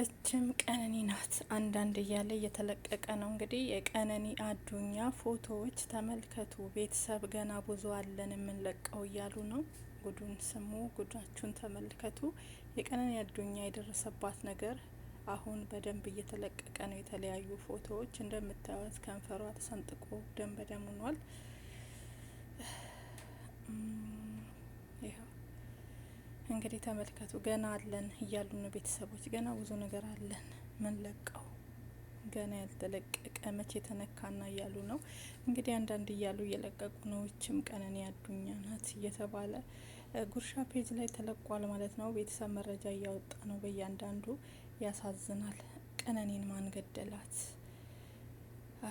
እችም ቀነኒ ናት። አንዳንድ እያለ እየተለቀቀ ነው እንግዲህ የቀነኒ አዱኛ ፎቶዎች ተመልከቱ። ቤተሰብ ገና ብዙ አለን የምንለቀው እያሉ ነው። ጉዱን ስሙ፣ ጉዳችሁን ተመልከቱ። የቀነኒ አዱኛ የደረሰባት ነገር አሁን በደንብ እየተለቀቀ ነው። የተለያዩ ፎቶዎች እንደምታዩት ከንፈሯ ተሰንጥቆ ደም በደም ሆኗል። እንግዲህ ተመልከቱ። ገና አለን እያሉ ነው ቤተሰቦች። ገና ብዙ ነገር አለን ምን ለቀው ገና ያልተለቀቀ መቼ ተነካና እያሉ ነው እንግዲህ አንዳንድ እያሉ እየለቀቁ ነው። ይችም ቀነኒ አዱኛ ናት እየተባለ ጉርሻ ፔጅ ላይ ተለቋል ማለት ነው። ቤተሰብ መረጃ እያወጣ ነው በእያንዳንዱ ያሳዝናል። ቀነኒን ማን ገደላት?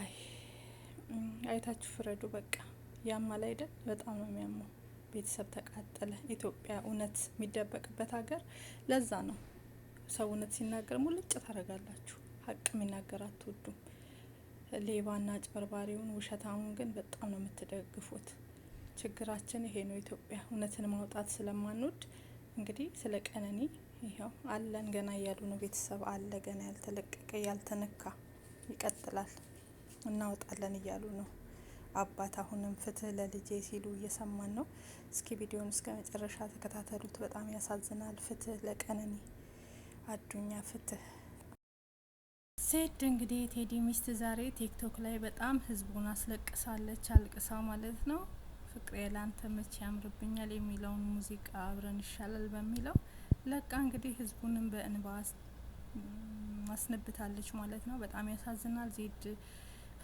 አይ አይታችሁ ፍረዱ። በቃ ያማል አይደል? በጣም ነው የሚያመው። ቤተሰብ ተቃጠለ። ኢትዮጵያ እውነት የሚደበቅበት ሀገር ለዛ ነው። ሰው እውነት ሲናገር ሙልጭ ታደርጋላችሁ። ሀቅ የሚናገር አትወዱም። ሌባና ጭበርባሪውን ውሸታሙን ግን በጣም ነው የምትደግፉት። ችግራችን ይሄ ነው። ኢትዮጵያ እውነትን ማውጣት ስለማንወድ እንግዲህ ስለ ቀነኒ ይኸው አለን ገና እያሉ ነው። ቤተሰብ አለ ገና ያልተለቀቀ ያልተነካ ይቀጥላል፣ እናወጣለን እያሉ ነው። አባት አሁንም ፍትህ ለልጄ ሲሉ እየሰማን ነው። እስኪ ቪዲዮን እስከ መጨረሻ ተከታተሉት። በጣም ያሳዝናል። ፍትህ ለቀነኒ አዱኛ ፍትህ። ሴት እንግዲህ ቴዲ ሚስት ዛሬ ቲክቶክ ላይ በጣም ህዝቡን አስለቅሳለች። አልቅሳ ማለት ነው ፍቅሬ ላንተ መቼ ያምርብኛል የሚለውን ሙዚቃ አብረን ይሻላል በሚለው ለቃ እንግዲህ ህዝቡንም በእንባ አስነብታለች ማለት ነው። በጣም ያሳዝናል ዜድ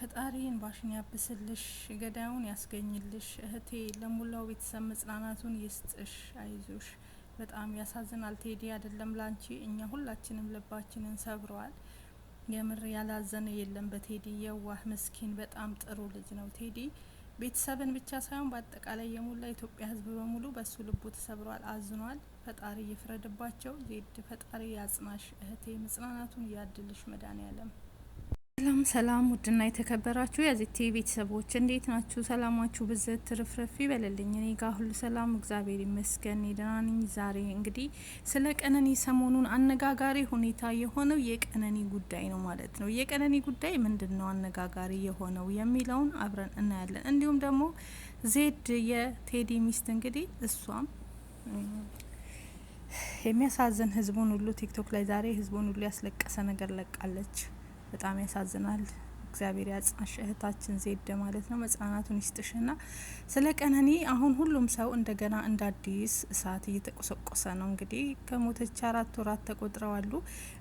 ፈጣሪን ባሽን ያብስልሽ፣ ገዳዩን ያስገኝልሽ። እህቴ ለሙላው ቤተሰብ መጽናናቱን ይስጥሽ፣ አይዞሽ። በጣም ያሳዝናል ቴዲ፣ አይደለም ላንቺ፣ እኛ ሁላችንም ልባችንን ሰብረዋል። የምር ያላዘነ የለም በቴዲ። የዋህ ምስኪን፣ በጣም ጥሩ ልጅ ነው ቴዲ። ቤተሰብን ብቻ ሳይሆን በአጠቃላይ የሙላ ኢትዮጵያ ህዝብ በሙሉ በሱ ልቡ ተሰብሯል፣ አዝኗል። ፈጣሪ ይፍረድባቸው። ዜድ ፈጣሪ ያጽናሽ እህቴ፣ መጽናናቱን ያድልሽ መድኃኔ ሰላም ሰላም፣ ውድና የተከበራችሁ የዚህ ቲቪ ቤተሰቦች እንዴት ናችሁ? ሰላማችሁ ብዝት ትርፍረፊ ይበልልኝ። እኔ ጋር ሁሉ ሰላም እግዚአብሔር ይመስገን ደህና ነኝ። ዛሬ እንግዲህ ስለ ቀነኒ ሰሞኑን አነጋጋሪ ሁኔታ የሆነው የቀነኒ ጉዳይ ነው ማለት ነው። የቀነኒ ጉዳይ ምንድን ነው አነጋጋሪ የሆነው የሚለውን አብረን እናያለን። እንዲሁም ደግሞ ዜድ የቴዲ ሚስት እንግዲህ እሷም የሚያሳዝን ህዝቡን ሁሉ ቲክቶክ ላይ ዛሬ ህዝቡን ሁሉ ያስለቀሰ ነገር ለቃለች። በጣም ያሳዝናል። እግዚአብሔር ያጽናሽ እህታችን ዜድ ማለት ነው። መጽናናቱን ይስጥሽና ስለ ቀነኒ አሁን ሁሉም ሰው እንደገና እንደ አዲስ እሳት እየተቆሰቆሰ ነው። እንግዲህ ከሞተች አራት ወራት ተቆጥረዋሉ።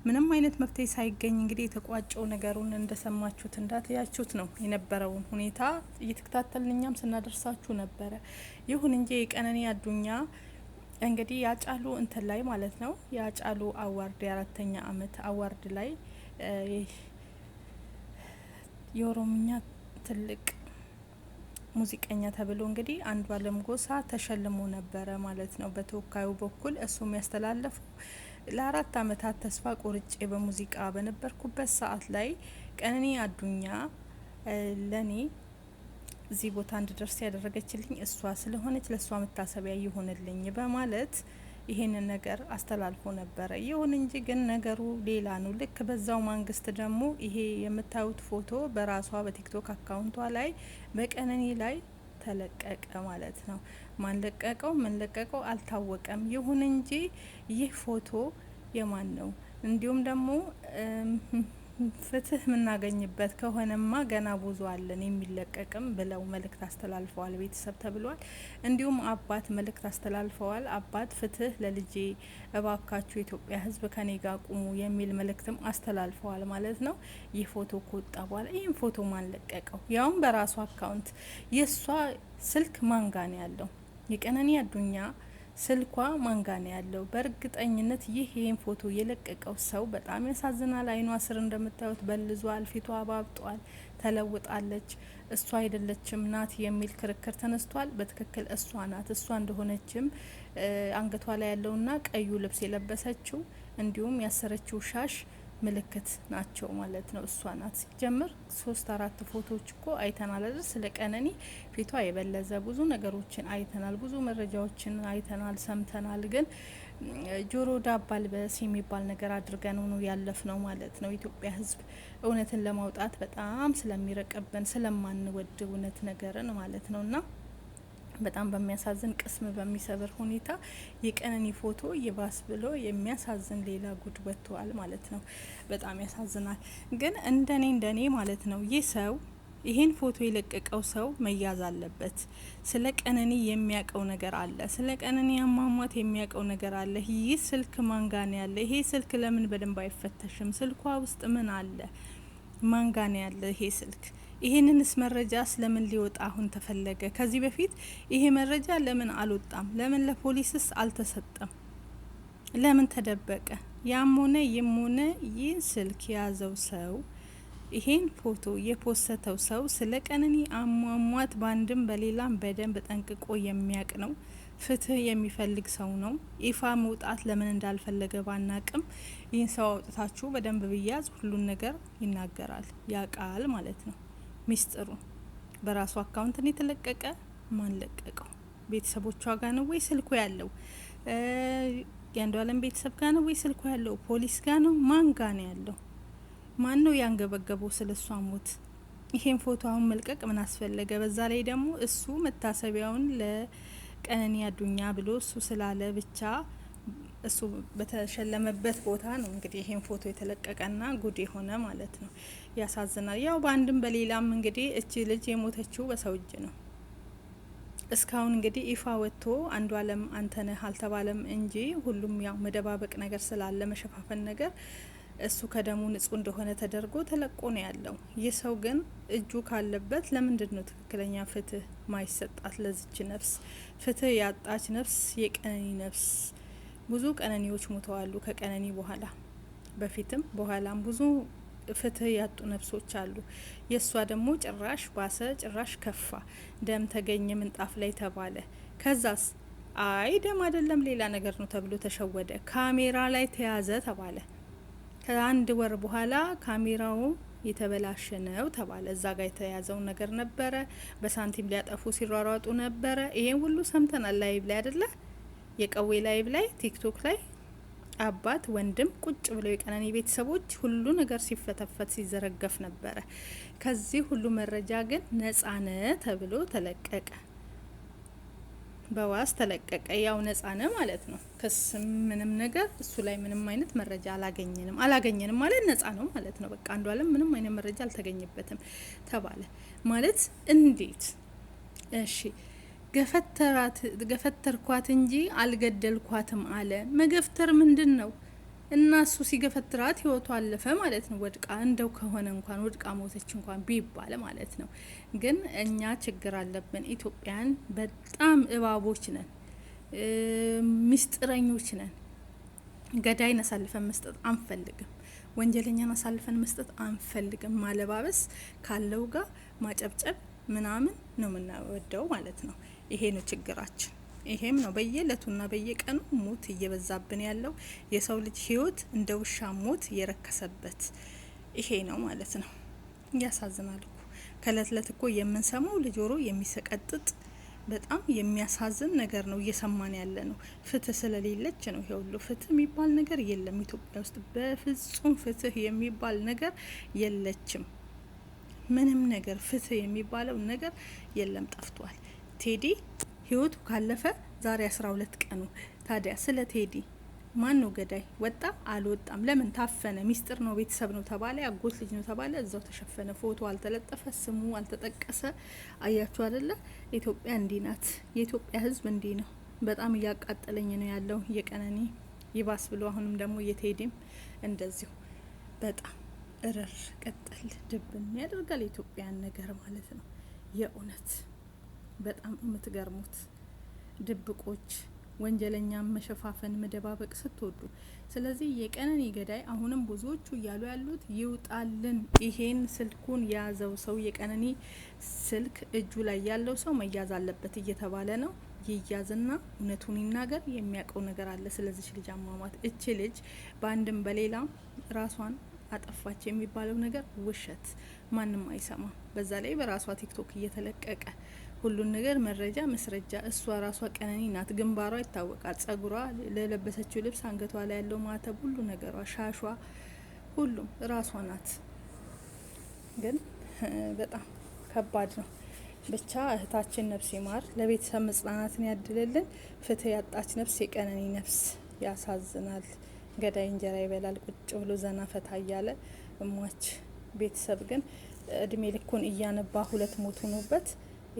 ምንም አይነት መፍትሄ ሳይገኝ እንግዲህ የተቋጨው ነገሩን እንደሰማችሁት እንዳትያችሁት ነው የነበረውን ሁኔታ እየተከታተልን እኛም ስናደርሳችሁ ነበረ። ይሁን እንጂ የቀነኒ አዱኛ እንግዲህ ያጫሉ እንትን ላይ ማለት ነው ያጫሉ አዋርድ የአራተኛ አመት አዋርድ ላይ የኦሮምኛ ትልቅ ሙዚቀኛ ተብሎ እንግዲህ አንዱ አለም ጎሳ ተሸልሞ ነበረ ማለት ነው በተወካዩ በኩል እሱ የሚያስተላለፈው ለአራት አመታት ተስፋ ቆርጬ በሙዚቃ በነበርኩበት ሰዓት ላይ ቀነኒ አዱኛ ለኔ እዚህ ቦታ እንድደርስ ያደረገችልኝ እሷ ስለሆነች ለእሷ መታሰቢያ ይሆንልኝ በማለት ይሄንን ነገር አስተላልፎ ነበረ። ይሁን እንጂ ግን ነገሩ ሌላ ነው። ልክ በዛው ማንግስት ደግሞ ይሄ የምታዩት ፎቶ በራሷ በቲክቶክ አካውንቷ ላይ በቀነኒ ላይ ተለቀቀ ማለት ነው። ማን ለቀቀው፣ ምን ለቀቀው አልታወቀም። ይሁን እንጂ ይህ ፎቶ የማን ነው? እንዲሁም ደግሞ ፍትህ የምናገኝበት ከሆነማ ገና ብዙ አለን የሚለቀቅም ብለው መልእክት አስተላልፈዋል ቤተሰብ ተብሏል። እንዲሁም አባት መልእክት አስተላልፈዋል። አባት ፍትህ ለልጄ እባካችሁ የኢትዮጵያ ሕዝብ ከኔ ጋር ቁሙ የሚል መልእክትም አስተላልፈዋል ማለት ነው። ይህ ፎቶ ከወጣ በኋላ ይህም ፎቶ ማን ለቀቀው? ያውም በራሱ አካውንት የእሷ ስልክ ማንጋን ያለው የቀነኒ አዱኛ ስልኳ ማንጋ ነው ያለው። በእርግጠኝነት ይህ ይህን ፎቶ የለቀቀው ሰው በጣም ያሳዝናል። አይኗ ስር እንደምታዩት በልዟል፣ ፊቷ አባብጧል፣ ተለውጣለች። እሷ አይደለችም ናት የሚል ክርክር ተነስቷል። በትክክል እሷ ናት። እሷ እንደሆነችም አንገቷ ላይ ያለውና ቀዩ ልብስ የለበሰችው እንዲሁም ያሰረችው ሻሽ ምልክት ናቸው ማለት ነው። እሷ ናት ሲጀምር ሶስት አራት ፎቶዎች እኮ አይተናል አይደል? ስለ ቀነኒ ፊቷ የበለዘ ብዙ ነገሮችን አይተናል፣ ብዙ መረጃዎችን አይተናል፣ ሰምተናል። ግን ጆሮ ዳባ ልበስ የሚባል ነገር አድርገን ሆኖ ያለፍ ነው ማለት ነው። ኢትዮጵያ ሕዝብ እውነትን ለማውጣት በጣም ስለሚረቅብን ስለማንወድ እውነት ነገርን ማለት ነው እና በጣም በሚያሳዝን ቅስም በሚሰብር ሁኔታ የቀነኒ ፎቶ ይባስ ብሎ የሚያሳዝን ሌላ ጉድ ወጥቷል ማለት ነው። በጣም ያሳዝናል። ግን እንደኔ እንደኔ ማለት ነው ይህ ሰው ይሄን ፎቶ የለቀቀው ሰው መያዝ አለበት። ስለ ቀነኒ የሚያውቀው ነገር አለ። ስለ ቀነኒ አሟሟት የሚያውቀው ነገር አለ። ይህ ስልክ ማንጋን ያለ ይሄ ስልክ ለምን በደንብ አይፈተሽም? ስልኳ ውስጥ ምን አለ? ማንጋን ያለ ይሄ ስልክ ይህንንስ መረጃ ስለምን ሊወጣ አሁን ተፈለገ? ከዚህ በፊት ይሄ መረጃ ለምን አልወጣም? ለምን ለፖሊስስ አልተሰጠም? ለምን ተደበቀ? ያም ሆነ ይም ሆነ ይህ ስልክ የያዘው ሰው ይሄን ፎቶ የፖሰተው ሰው ስለ ቀነኒ አሟሟት በአንድም በሌላም በደንብ ጠንቅቆ የሚያቅ ነው። ፍትህ የሚፈልግ ሰው ነው። ይፋ መውጣት ለምን እንዳልፈለገ ባናቅም ይህን ሰው አውጥታችሁ በደንብ ብያዝ ሁሉን ነገር ይናገራል፣ ያቃል ማለት ነው። ሚስጥሩ በራሱ አካውንት ነው የተለቀቀ? ማን ለቀቀው? ቤተሰቦቿ ጋር ነው ወይ ስልኩ ያለው? የአንዱ ቤተሰብ ጋር ነው ወይ ስልኩ ያለው? ፖሊስ ጋር ነው? ማን ጋር ነው ያለው? ማን ነው ያንገበገበው ስለ እሷ ሞት? ይሄን ፎቶ አሁን መልቀቅ ምን አስፈለገ? በዛ ላይ ደግሞ እሱ መታሰቢያውን ለቀነኒ አዱኛ ብሎ እሱ ስላለ ብቻ እሱ በተሸለመበት ቦታ ነው እንግዲህ ይሄን ፎቶ የተለቀቀና ጉድ የሆነ ማለት ነው። ያሳዝናል። ያው በአንድም በሌላም እንግዲህ እቺ ልጅ የሞተችው በሰው እጅ ነው። እስካሁን እንግዲህ ይፋ ወጥቶ አንዱ አለም አንተነህ አልተባለም እንጂ ሁሉም ያው መደባበቅ ነገር ስላለ መሸፋፈን ነገር እሱ ከደሙ ንጹህ እንደሆነ ተደርጎ ተለቆ ነው ያለው። ይህ ሰው ግን እጁ ካለበት ለምንድን ነው ትክክለኛ ፍትህ ማይሰጣት? ለዝች ነፍስ ፍትህ ያጣች ነፍስ የቀኒ ነፍስ ብዙ ቀነኒዎች ሞተዋሉ። ከቀነኒ በኋላ በፊትም በኋላም ብዙ ፍትህ ያጡ ነፍሶች አሉ። የእሷ ደግሞ ጭራሽ ባሰ፣ ጭራሽ ከፋ። ደም ተገኘ ምንጣፍ ላይ ተባለ። ከዛስ አይ ደም አይደለም ሌላ ነገር ነው ተብሎ ተሸወደ። ካሜራ ላይ ተያዘ ተባለ። ከአንድ ወር በኋላ ካሜራው የተበላሸ ነው ተባለ። እዛ ጋር የተያዘውን ነገር ነበረ። በሳንቲም ሊያጠፉ ሲሯሯጡ ነበረ። ይሄን ሁሉ ሰምተናል ላይብ ላይ አይደለ? የቀዌ ላይቭ ላይ ቲክቶክ ላይ አባት ወንድም ቁጭ ብለው የቀነኒ ቤተሰቦች ሁሉ ነገር ሲፈተፈት ሲዘረገፍ ነበረ። ከዚህ ሁሉ መረጃ ግን ነጻነ ተብሎ ተለቀቀ። በዋስ ተለቀቀ። ያው ነጻነ ማለት ነው። ክስ ምንም ነገር እሱ ላይ ምንም አይነት መረጃ አላገኘንም። አላገኘንም ማለት ነጻ ነው ማለት ነው። በቃ አንዷለም ምንም አይነት መረጃ አልተገኘበትም ተባለ ማለት እንዴት? እሺ ገፈተርኳት እንጂ አልገደልኳትም አለ። መገፍተር ምንድን ነው? እና እሱ ሲገፈትራት ህይወቷ አለፈ ማለት ነው። ወድቃ እንደው ከሆነ እንኳን ወድቃ ሞተች እንኳን ቢባል ማለት ነው። ግን እኛ ችግር አለብን። ኢትዮጵያን በጣም እባቦች ነን፣ ሚስጥረኞች ነን። ገዳይን አሳልፈን መስጠት አንፈልግም። ወንጀለኛን አሳልፈን መስጠት አንፈልግም። ማለባበስ ካለው ጋር ማጨብጨብ ምናምን ነው የምናወደው ማለት ነው። ይሄ ነው ችግራችን። ይሄም ነው በየእለቱና በየቀኑ ሞት እየበዛብን ያለው የሰው ልጅ ህይወት እንደ ውሻ ሞት የረከሰበት ይሄ ነው ማለት ነው። ያሳዝናል እኮ ከእለት እለት እኮ የምንሰማው ለጆሮ የሚሰቀጥጥ በጣም የሚያሳዝን ነገር ነው እየሰማን ያለ ነው። ፍትህ ስለሌለች ነው ይሄ ሁሉ። ፍትህ የሚባል ነገር የለም ኢትዮጵያ ውስጥ በፍጹም ፍትህ የሚባል ነገር የለችም። ምንም ነገር ፍትህ የሚባለው ነገር የለም፣ ጠፍቷል። ቴዲ ህይወቱ ካለፈ ዛሬ አስራ ሁለት ቀኑ። ታዲያ ስለ ቴዲ ማን ነው ገዳይ? ወጣ አልወጣም? ለምን ታፈነ? ሚስጥር ነው፣ ቤተሰብ ነው ተባለ፣ ያጎት ልጅ ነው ተባለ፣ እዛው ተሸፈነ። ፎቶ አልተለጠፈ፣ ስሙ አልተጠቀሰ። አያችሁ አደለ? ኢትዮጵያ እንዲህ ናት። የኢትዮጵያ ህዝብ እንዲህ ነው። በጣም እያቃጠለኝ ነው ያለው የቀነኒ ይባስ ብሎ አሁንም ደግሞ የቴዲም እንደዚሁ በጣም እረር ቀጠል ድብን ያደርጋል የኢትዮጵያን ነገር ማለት ነው የእውነት በጣም የምትገርሙት ድብቆች ወንጀለኛ መሸፋፈን መደባበቅ ስትወዱ። ስለዚህ የቀነኒ ገዳይ አሁንም ብዙዎቹ እያሉ ያሉት ይውጣልን፣ ይሄን ስልኩን የያዘው ሰው የቀነኒ ስልክ እጁ ላይ ያለው ሰው መያዝ አለበት እየተባለ ነው። ይያዝና እውነቱን ይናገር። የሚያውቀው ነገር አለ ስለዚች ልጅ አሟሟት። እች ልጅ በአንድም በሌላ ራሷን አጠፋች የሚባለው ነገር ውሸት፣ ማንም አይሰማ። በዛ ላይ በራሷ ቲክቶክ እየተለቀቀ ሁሉን ነገር መረጃ መስረጃ። እሷ ራሷ ቀነኒ ናት። ግንባሯ ይታወቃል፣ ጸጉሯ፣ ለለበሰችው ልብስ፣ አንገቷ ላይ ያለው ማተብ፣ ሁሉ ነገሯ፣ ሻሿ፣ ሁሉም ራሷ ናት። ግን በጣም ከባድ ነው። ብቻ እህታችን ነፍስ ይማር፣ ለቤተሰብ መጽናናትን ያድልልን። ፍትህ ያጣች ነፍስ የቀነኒ ነፍስ ያሳዝናል። ገዳይ እንጀራ ይበላል ቁጭ ብሎ ዘና ፈታ እያለ እሟች ቤተሰብ ግን እድሜ ልኩን እያነባ ሁለት ሞት ሆኖበት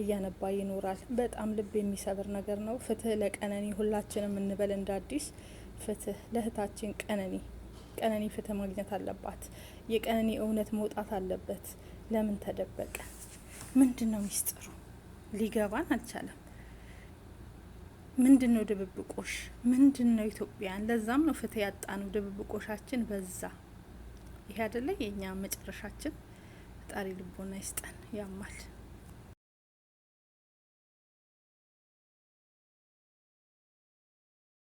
እያነባ ይኖራል። በጣም ልብ የሚሰብር ነገር ነው። ፍትህ ለቀነኒ ሁላችንም እንበል እንደ አዲስ ፍትህ ለእህታችን ቀነኒ። ቀነኒ ፍትህ ማግኘት አለባት። የቀነኒ እውነት መውጣት አለበት። ለምን ተደበቀ? ምንድን ነው ሚስጥሩ? ሊገባን አልቻለም። ምንድን ነው ድብብቆሽ? ምንድን ነው ኢትዮጵያን? ለዛም ነው ፍትህ ነው። ድብብቆሻችን በዛ። ይሄ አይደለ የእኛ መጨረሻችን። ፈጣሪ ልቦና ይስጠን። ያማል።